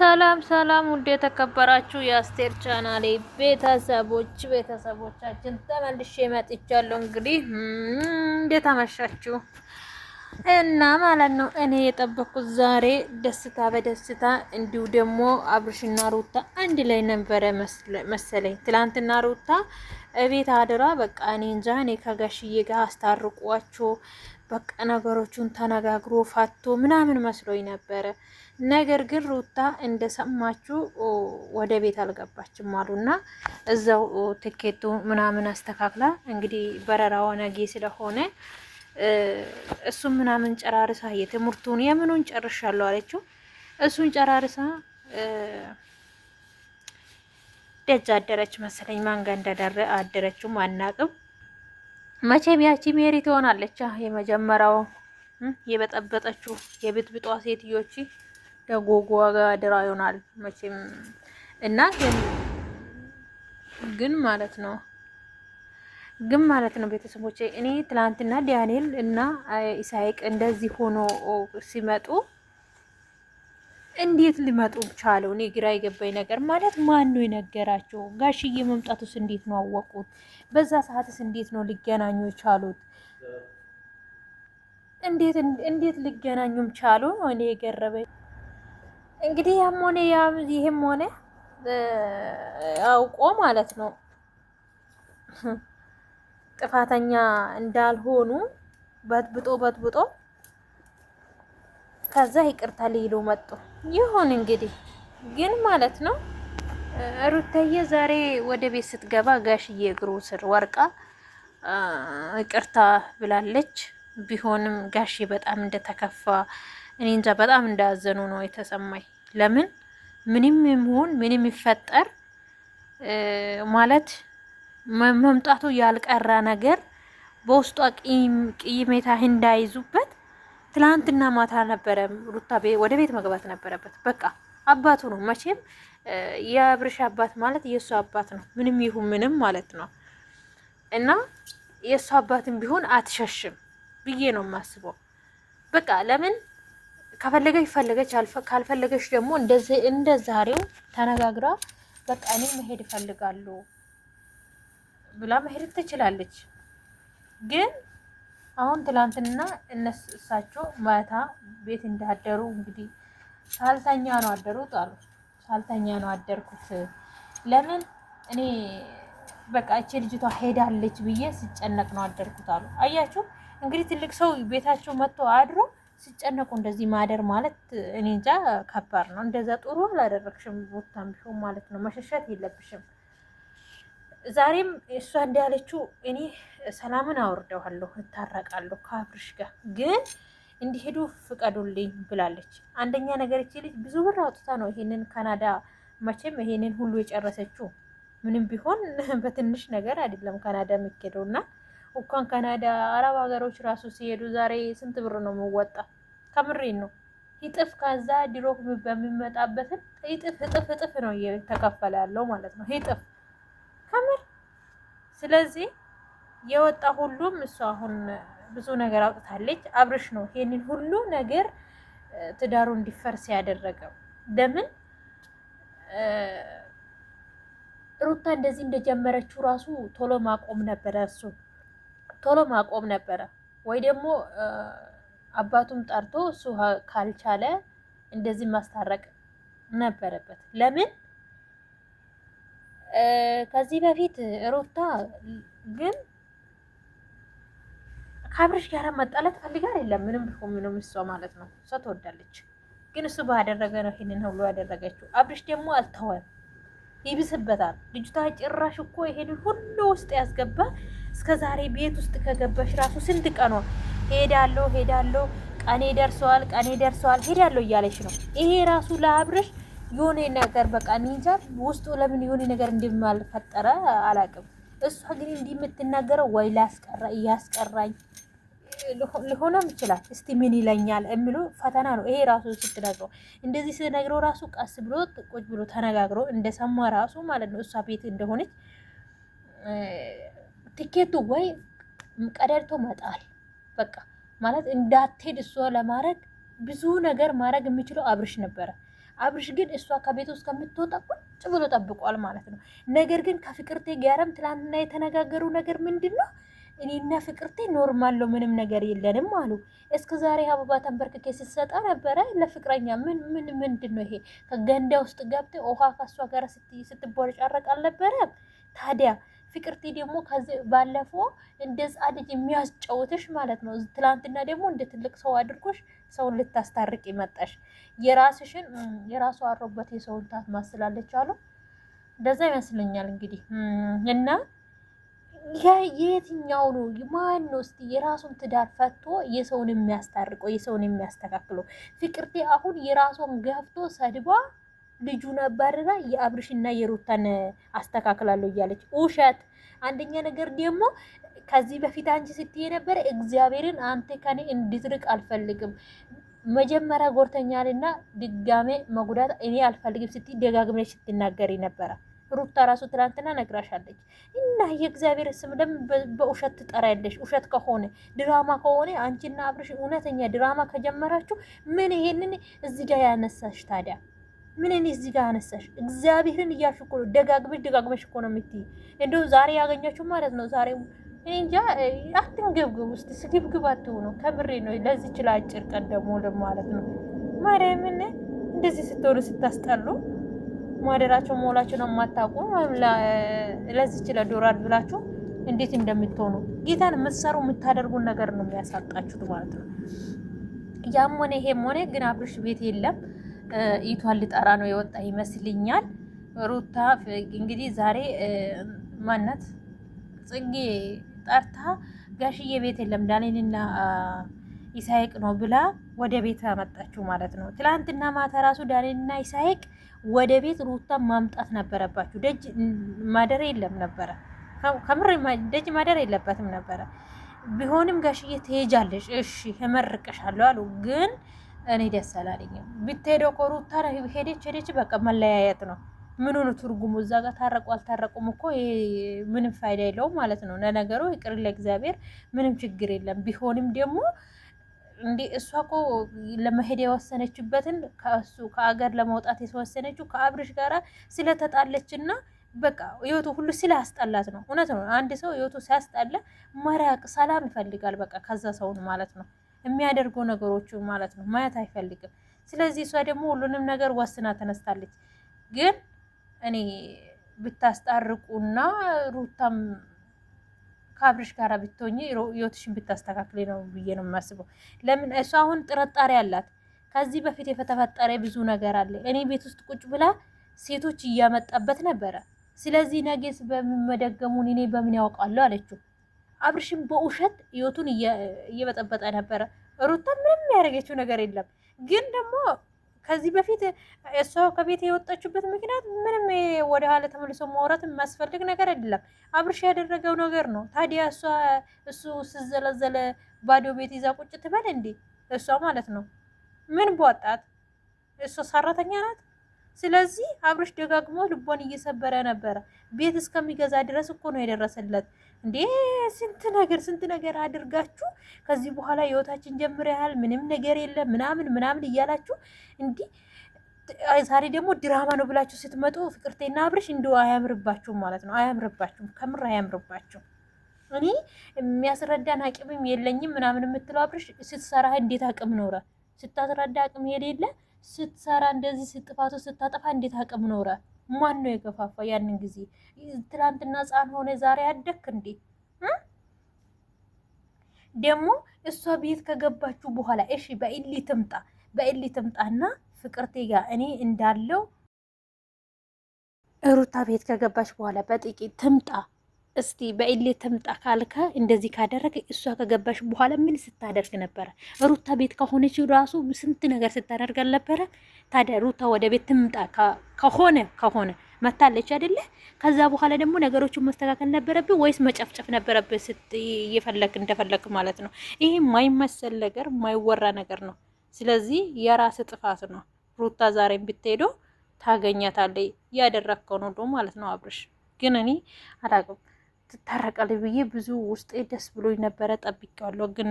ሰላም ሰላም፣ ውድ የተከበራችሁ የአስቴር ቻናሌ ቤተሰቦች ቤተሰቦቻችን ተመልሼ መጥቻለሁ። እንግዲህ እንዴት አመሻችሁ? እና ማለት ነው እኔ የጠበኩት ዛሬ ደስታ በደስታ እንዲሁ ደግሞ አብርሽና ሩታ አንድ ላይ ነበረ መሰለኝ። ትላንትና ሩታ እቤት አድራ በቃ እኔ እንጃ እኔ ከጋሽዬ ጋር አስታርቋቸው በቃ ነገሮቹን ተነጋግሮ ፋቶ ምናምን መስሎኝ ነበረ። ነገር ግን ሩታ እንደሰማችሁ ወደ ቤት አልገባችም አሉና እዛው ትኬቱ ምናምን አስተካክላ እንግዲህ በረራዋ ነገ ስለሆነ እሱም ምናምን ጨራርሳ የትምህርቱን የምኑን ጨርሻለሁ አለችው። እሱን ጨራርሳ ደጅ አደረች መሰለኝ። ማንጋ እንደደረ እንዳደረ አደረችው አናቅም። መቼም ያቺ ሜሪ ትሆናለች የመጀመሪያው የበጠበጠችው የብጥብጧ ሴትዮች ለጎጎ ድራ ይሆናል መቼም እና ግን ማለት ነው ግን ማለት ነው ቤተሰቦቼ፣ እኔ ትላንትና ዳንኤል እና ኢሳይቅ እንደዚህ ሆኖ ሲመጡ እንዴት ሊመጡ ቻለው? እኔ ግራ የገባኝ ነገር ማለት ማን ነው የነገራቸው? ጋሽዬ መምጣቱስ እንዴት ነው አወቁት? በዛ ሰዓትስ እንዴት ነው ሊገናኙ ቻሉት? እንዴት እንዴት ሊገናኙም ቻሉ? እኔ የገረበኝ እንግዲህ ያም ሆነ ይህም ሆነ አውቆ ማለት ነው ጥፋተኛ እንዳልሆኑ በጥብጦ በጥብጦ ከዛ ይቅርታ ሊሉ መጡ። ይሁን እንግዲህ ግን ማለት ነው ሩታዬ ዛሬ ወደ ቤት ስትገባ ጋሽዬ እግሩ ስር ወርቃ ይቅርታ ብላለች። ቢሆንም ጋሽ በጣም እንደተከፋ እኔ እንጃ በጣም እንዳያዘኑ ነው የተሰማኝ። ለምን ምንም ይሁን ምንም ይፈጠር ማለት መምጣቱ ያልቀረ ነገር በውስጧ ቅይሜታ እንዳይዙበት ትላንትና ማታ ነበረ ሩታ ወደ ቤት መግባት ነበረበት። በቃ አባቱ ነው መቼም የብርሻ አባት ማለት የእሱ አባት ነው፣ ምንም ይሁን ምንም ማለት ነው። እና የእሱ አባትም ቢሆን አትሸሽም ብዬ ነው የማስበው። በቃ ለምን ከፈለገች ፈለገች፣ ካልፈለገች ደግሞ እንደ ዛሬው ተነጋግራ በቃ እኔ መሄድ እፈልጋለሁ ብላ መሄድ ትችላለች። ግን አሁን ትላንትና እነሱ እሳቸው ማታ ቤት እንዳደሩ እንግዲህ ሳልተኛ ነው አደሩ ጣሉ ሳልተኛ ነው አደርኩት። ለምን እኔ በቃ እቺ ልጅቷ ሄዳለች ብዬ ስጨነቅ ነው አደርኩት አሉ። አያችሁ እንግዲህ ትልቅ ሰው ቤታቸው መጥቶ አድሮ ሲጨነቁ እንደዚህ ማደር ማለት እኔ እንጃ ከባድ ነው። እንደዛ ጥሩ አላደረግሽም፣ ቦታም ቢሆን ማለት ነው መሸሸት የለብሽም። ዛሬም እሷ እንዳለችው እኔ ሰላምን አውርደዋለሁ እታረቃለሁ ከአብርሽ ጋር ግን እንዲሄዱ ፍቀዱልኝ ብላለች። አንደኛ ነገር ይቺ ልጅ ብዙ ብር አውጥታ ነው ይሄንን ካናዳ መቼም ይሄንን ሁሉ የጨረሰችው ምንም ቢሆን በትንሽ ነገር አይደለም ካናዳ የሚኬደው እና እንኳን ካናዳ አረብ ሀገሮች ራሱ ሲሄዱ ዛሬ ስንት ብር ነው የምወጣ? ከምሬን ነው ይጥፍ ከዛ ድሮ በሚመጣበትን ይጥፍ እጥፍ እጥፍ ነው እየተከፈለ ያለው ማለት ነው። ይጥፍ ከምር። ስለዚህ የወጣ ሁሉም እሱ አሁን ብዙ ነገር አውጥታለች። አብርሽ ነው ይሄንን ሁሉ ነገር ትዳሩ እንዲፈርስ ያደረገው። ለምን ሩታ እንደዚህ እንደጀመረችው ራሱ ቶሎ ማቆም ነበረ እሱ ቶሎ ማቆም ነበረ ወይ ደግሞ አባቱም ጠርቶ እሱ ካልቻለ እንደዚህ ማስታረቅ ነበረበት። ለምን ከዚህ በፊት ሩታ ግን ከአብርሽ ጋር መጣላት ፈልጋ አይደለም። ምንም ቢሆን ምንም እሷ ማለት ነው እሷ ትወዳለች። ግን እሱ ባደረገ ነው ይህንን ሁሉ ያደረገችው። አብርሽ ደግሞ አልተወም። ይብስበታል። ልጅቷ ጭራሽ እኮ ይሄንን ሁሉ ውስጥ ያስገባ እስከ ዛሬ ቤት ውስጥ ከገባሽ ራሱ ስንት ቀኗ ሄዳለሁ ሄዳለሁ ቀኔ ደርሰዋል ቀኔ ደርሰዋል ሄዳለሁ እያለች ነው። ይሄ ራሱ ለአብረሽ የሆነ ነገር በቃ እንጃ ውስጡ ለምን የሆነ ነገር እንደማልፈጠረ አላውቅም። እሷ ግን እንዲህ የምትናገረው ወይ ላስቀራ እያስቀራኝ ሊሆነም ይችላል። እስቲ ምን ይለኛል የሚሉ ፈተና ነው ይሄ ራሱ ስትነግረው። እንደዚህ ስትነግረው ራሱ ቀስ ብሎ ቁጭ ብሎ ተነጋግሮ እንደሰማ ራሱ ማለት ነው እሷ ቤት እንደሆነች ትኬቱ ወይ ቀደድቶ መጣል በቃ ማለት እንዳትሄድ እሷ ለማድረግ ብዙ ነገር ማድረግ የሚችለው አብርሽ ነበረ። አብርሽ ግን እሷ ከቤት ውስጥ ከምትወጣ ቁጭ ብሎ ጠብቋል ማለት ነው። ነገር ግን ከፍቅርቴ ጋርም ትላንትና የተነጋገሩ ነገር ምንድን ነው እኔና ፍቅርቴ ኖርማል ነው፣ ምንም ነገር የለንም አሉ። እስከ ዛሬ አበባ ተንበርክኬ ስትሰጣ ነበረ ለፍቅረኛ። ምን ምን ምንድን ነው ይሄ? ከገንዳ ውስጥ ገብት ውሃ ከሷ ጋር ስትቦረጫረቅ አልነበረ ታዲያ? ፍቅርቴ ደግሞ ከዚህ ባለፈው እንደ ጻድቅ የሚያስጨውትሽ ማለት ነው። ትላንትና ደግሞ እንደ ትልቅ ሰው አድርጎሽ ሰውን ልታስታርቅ ይመጣሽ የራስሽን የራሱ አሮበት የሰውን ታስመስላለች አሉ። እንደዛ ይመስለኛል እንግዲህ እና የየትኛው ነው ማን ነው እስቲ የራሱን ትዳር ፈቶ የሰውን የሚያስታርቀው የሰውን የሚያስተካክለው? ፍቅርቴ አሁን የራሷን ገፍቶ ሰድባ ልጁን አባረራ የአብርሽና የሩታን አስተካክላለሁ እያለች ውሸት። አንደኛ ነገር ደግሞ ከዚህ በፊት አንቺ ስትይ ነበረ እግዚአብሔርን አንተ ከኔ እንድትርቅ አልፈልግም መጀመሪያ ጎርተኛልና ድጋሜ መጉዳት እኔ አልፈልግም ስትይ ደጋግመሽ ስትናገሪ ነበራ ሩታ ራሱ ትላንትና ነግራሻለች። እና የእግዚአብሔር ስም ለምን በውሸት ትጠራ ያለሽ? ውሸት ከሆነ ድራማ ከሆነ አንቺና አብርሽ እውነተኛ ድራማ ከጀመራችሁ ምን ይሄንን እዚህ ጋር ያነሳሽ ታዲያ? ምን እኔ እዚህ ጋር አነሳሽ? እግዚአብሔርን እያልሽ እኮ ነው። ደጋግመሽ ደጋግመሽ እኮ ነው የምትይ። እንደው ዛሬ ያገኛችሁ ማለት ነው ዛሬ እንጃ አትንገብግብ ውስጥ ስግብግብ አትሆኑ። ከምሬ ነው። ለዚህ ይችላል አጭር ቀን ደግሞ ማለት ነው ማርያምን እንደዚህ ስትሆኑ ስታስጠሉ ማደራቸው መሆናቸውን የማታውቁ ለዚች ለዶላር ብላችሁ እንዴት እንደምትሆኑ ጌታን የምትሰሩ የምታደርጉን ነገር ነው የሚያሳጣችሁት ማለት ነው። ያም ሆነ ይሄም ሆነ ግን አብርሽ ቤት የለም። ይቷን ልጠራ ነው የወጣ ይመስልኛል። ሩታ እንግዲህ ዛሬ ማናት ጽጌ ጠርታ ጋሽዬ ቤት የለም ዳንኤልና ኢሳይቅ ነው ብላ ወደ ቤት አመጣችው ማለት ነው። ትላንትና ማታ ራሱ ዳንኤልና ኢሳይቅ ወደ ቤት ሩታ ማምጣት ነበረባችሁ። ደጅ ማደር የለም ነበረ፣ ከምር ደጅ ማደር የለበትም ነበረ። ቢሆንም ጋሽዬ ትሄጃለሽ፣ እሺ እመርቅሻለሁ አሉ። ግን እኔ ደስ አላለኝም። ብትሄደው እኮ ሩታ ሄደች ሄደች፣ በቃ መለያየት ነው። ምን ሆነ ትርጉሙ? እዛ ጋር ታረቁ አልታረቁም እኮ ምንም ፋይዳ የለውም ማለት ነው። ለነገሩ ይቅር ለእግዚአብሔር፣ ምንም ችግር የለም። ቢሆንም ደግሞ እንዴ እሷ እኮ ለመሄድ የወሰነችበትን ከእሱ ከአገር ለመውጣት የተወሰነችው ከአብርሽ ጋራ ስለተጣለች እና በቃ ህይወቱ ሁሉ ስለ አስጠላት ነው። እውነት ነው። አንድ ሰው ህይወቱ ሲያስጠላ መራቅ ሰላም ይፈልጋል። በቃ ከዛ ሰውን ማለት ነው የሚያደርገው ነገሮቹ ማለት ነው ማየት አይፈልግም። ስለዚህ እሷ ደግሞ ሁሉንም ነገር ወስና ተነስታለች። ግን እኔ ብታስጣርቁና ሩታም ከአብርሽ ጋር ብትሆኝ ህይወትሽን ብታስተካክል ነው ብዬ ነው የማስበው። ለምን እሱ አሁን ጥርጣሬ አላት። ከዚህ በፊት የተፈጠረ ብዙ ነገር አለ። እኔ ቤት ውስጥ ቁጭ ብላ ሴቶች እያመጣበት ነበረ። ስለዚህ ነገስ በሚመደገሙን እኔ በምን ያውቃለሁ አለችው። አብርሽን በውሸት ህይወቱን እየበጠበጠ ነበረ። ሩታ ምንም ያደረገችው ነገር የለም ግን ደግሞ ከዚህ በፊት እሷ ከቤት የወጣችበት ምክንያት ምንም ወደ ኋላ ተመልሶ ማውራት የሚያስፈልግ ነገር አይደለም። አብርሽ ያደረገው ነገር ነው። ታዲያ እሷ እሱ ስዘለዘለ ባዶ ቤት ይዛ ቁጭ ትበል እንዴ? እሷ ማለት ነው ምን በወጣት እሷ ሰራተኛ ናት። ስለዚህ አብርሽ ደጋግሞ ልቦን እየሰበረ ነበረ። ቤት እስከሚገዛ ድረስ እኮ ነው የደረሰለት። እንዴ ስንት ነገር ስንት ነገር አድርጋችሁ ከዚህ በኋላ ህይወታችን ጀምር ያህል ምንም ነገር የለም ምናምን ምናምን እያላችሁ እንዲህ ዛሬ ደግሞ ድራማ ነው ብላችሁ ስትመጡ ፍቅርቴና አብርሽ እንዲ አያምርባችሁም ማለት ነው። አያምርባችሁም፣ ከምር አያምርባችሁም። እኔ የሚያስረዳን አቅምም የለኝም ምናምን የምትለው አብርሽ ስትሰራህ እንዴት አቅም ኖረ ስታስረዳ አቅም የሌለ ስትሰራ እንደዚህ ስትጥፋቱ ስታጠፋ እንዴት አቅም ኖረ? ማን ነው የገፋፋ? ያንን ጊዜ ትናንትና ሕፃን ሆነ ዛሬ አደክ እንዴ? ደግሞ እሷ ቤት ከገባችሁ በኋላ እሺ፣ በኢሊ ትምጣ በኢሊ ትምጣና ፍቅርቴ ጋር እኔ እንዳለው ሩታ ቤት ከገባች በኋላ በጥቂት ትምጣ እስቲ በኢሌ ተምጣ ካልከ እንደዚህ ካደረገ እሷ ከገባሽ በኋላ ምን ስታደርግ ነበረ? ሩታ ቤት ከሆነች ራሱ ስንት ነገር ስታደርግ አልነበረ? ታዲያ ሩታ ወደ ቤት ትምጣ ከሆነ ከሆነ መታለች አይደለ? ከዛ በኋላ ደግሞ ነገሮችን መስተካከል ነበረብ ወይስ መጨፍጨፍ ነበረብ ስት እየፈለግ እንደፈለግ ማለት ነው። ይሄ ማይመሰል ነገር ማይወራ ነገር ነው። ስለዚህ የራስ ጥፋት ነው። ሩታ ዛሬም ብትሄዶ ታገኛታለች። ያደረግከው ነው ማለት ነው። አብርሽ ግን እኔ አላቅም ትታረቃለች ብዬ ብዙ ውስጤ ደስ ብሎኝ ነበረ። ጠብቄዋለሁ ግን